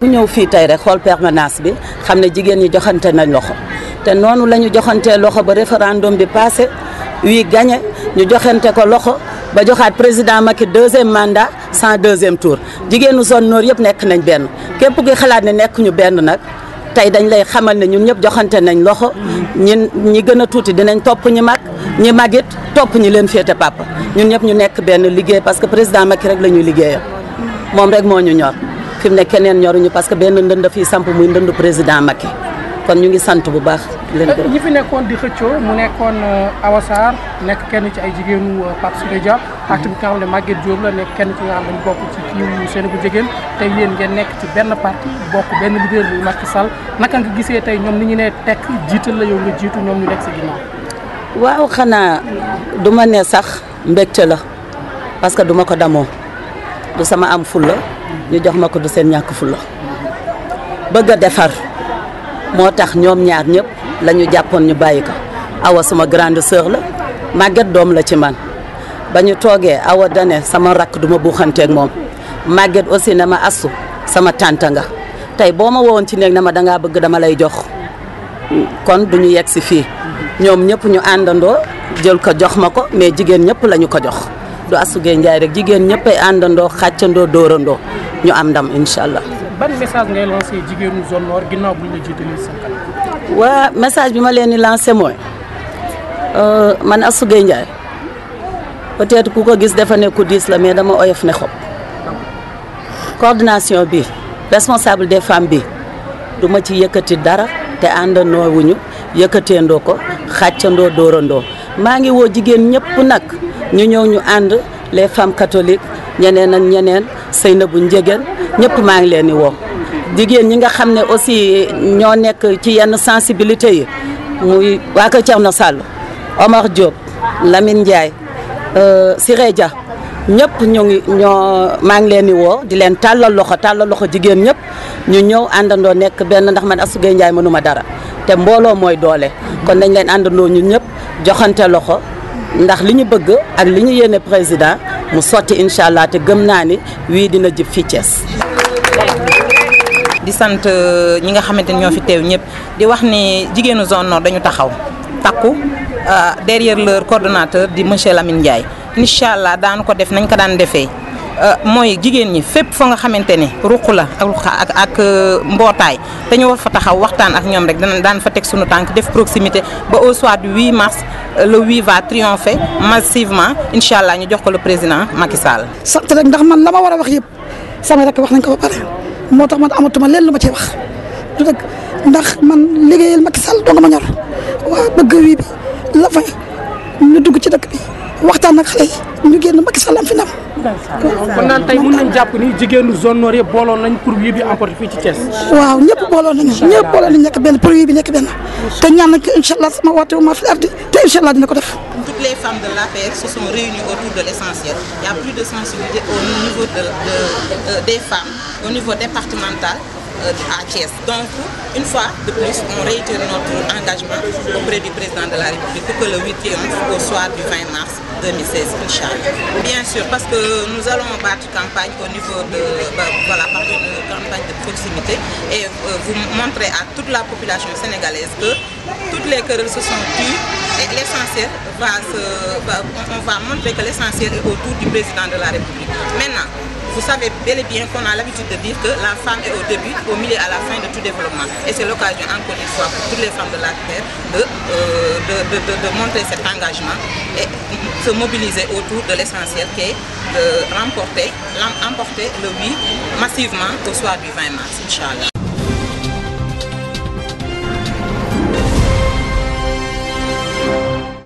bu ñëw fii tey rek xool permanence bi xam ne jigéen ñi joxante nañ loxo te noonu la ñu joxantee loxo ba référendum bi passé wii gagné ñu joxante ko loxo ba joxaat président Macky deuxième mandat sans deuxième tour jigéenu zone noor yëpp nekk nañ benn képp ki xalaat ne nekk ñu benn nag tey dañ lay xamal ne ñun ñëpp joxante nañ loxo ñin ñi gën a tuuti dinañ topp ñi mag ñi magit topp ñi leen féete papa ñun ñëpp ñu nekk benn liggéey parce que président Macky rek la ñuy liggéeyal moom rek ñu ñor fi mu ne keneen ñoruñu parce que benn ndënd fii samp muy ndënd président Macky kon ñu ngi sant bu baax. leen ñi fi nekkoon di xëccoo mu nekkoon euh, Awa Sarr nekk kenn ci ay jigéenu euh, Pape Souleye Dia. ak tamit nga xam ne Maguette Diop la nekk kenn ci nga xam ne bokk ci kii jigéen tey yéen ngeen nekk ci benn parti bokk benn leader bu Macky Sall naka nga tey ñoom ni ñu ne tekk jiital la yow jiitu ñoom ñu nekk si ginnaaw. waaw xanaa du ma ne sax mbégte la parce que du ma ko damoo du sama am fulla ñu jox ma ko du seen ñàkk fulla bëgg a defar moo tax ñoom ñaar ñëpp lañu jàppoon ñu bàyyi ko awa suma grande sœur la màgget doom la ci man ba ñu toogee awa dane sama rakk duma buuxanteeg moom màgget aussi na ma assu sama tànta nga tey boo ma wowoon ci néeg na ma dangaa bëgg dama lay jox kon du ñu yegg si fii ñoom ñëpp ñu àndandoo jël ko jox ma ko mais jigéen ñëpp la ñu ko jox du Astou Gueye Ndiaye rek jigéen ñëpp ay àndandoo xàccandoo dóorandoo ñu am ndam incha allah. ban message ngay lancé jigéenu zone nord bu ñu la jiitalee sa waa message bi ma leen di lancé mooy euh, man Astou Gueye Ndiaye peut-être ku ko gis dafa ne ku diis la mais dama oyof ne xob coordination bi responsable des femmes bi du ma ci yëkkati dara te àndandoo wuñu yëkkateendoo ko xàccandoo doorandoo maa ngi woo jigéen ñëpp nag ñu ñëw ñu ànd les femmes catholiques. ñeneen ak ñeneen sëy na bu njegeen ñëpp maa ngi leen di woo jigéen ñi nga xam ne aussi ñoo nekk ci yenn sensibilité yi muy waa ko Thierno Sall Omar Diop Lamine Ndiaye Siré euh, Dia ñëpp ñu ngi ñoo maa ngi leen di woo di leen tàllal loxo tàllal loxo jigéen ñëpp ñu ñëw àndandoo nekk benn ndax man Astou Gueye Ndiaye mënuma dara te mbooloo mooy doole kon dañ leen àndandoo ñu ñëpp joxante loxo ndax li ñu bëgg ak li ñu yéene président mu sotti incha allah te gëm naa ni wii dina jëf fii Thiès. di sant euh, ñi nga xamante ni ñoo fi teew ñëpp di wax ni jigéenu zone nord dañu taxaw takku euh, derrière leur coordonnateur di monsieur Lamine Ndiaye incha allah daanu ko def nañ ko daan defee. Euh, moy jigen ñi fep fa nga xamantene ni la ak ak euh, mbotay dañu war fa taxaw waxtaan ak ñom rek dañ daan fa tek suñu tank def proximité ba au soir du 8 mars euh, le 8 va triompher massivement inshallah ñu jox ko le président Macky Sall. sant rek ndax man lama wara wax yëpp sama rek wax nañ ko ba paré motax man amatuma leen luma ci wax du dëgg ndax man ligéyal Macky Sall do nga ma ñor wa bëgg wi bi la fay ñu dugg ci dëkk bi waxtaan ak xalé ñu génn Macky Sall am fi ndam. kon naan tey mën nañ jàpp ni jigéenu zone nord yëpp booloon nañ pour yii bi emporté fii ci Thiès waaw ñëpp booloon nañu ñëpp booloon nañu nekk benn pour yii bi nekk benn te ñaan nañ ko sama woote ma fi ardi te incha dina ko toutes les femmes de l'affaire se sont réunies autour de l'essentiel il y a plus de sensibilité au niveau de, de euh, des femmes au niveau départemental euh, à Thiès. Donc, une fois de plus, on réitère notre engagement auprès du président de la République pour que le 8 au soir du 20 mars, 2016 Bien sûr, parce que nous allons battre campagne au niveau de, bah, la campagne de proximité et euh, vous montrer à toute la population sénégalaise que toutes les querelles se sont tues et l'essentiel va se, bah, on va montrer que l'essentiel est autour du président de la République. Maintenant, vous savez bel et bien qu'on a l'habitude de dire que la femme est au début, au milieu, et à la fin de tout développement. Et c'est l'occasion, encore une fois, pour toutes les femmes de la Terre de, euh, de, montrer cet engagement et se mobiliser autour de l'essentiel qui est de euh, remporter, le oui massivement au soir du 20 mars, Inch'Allah.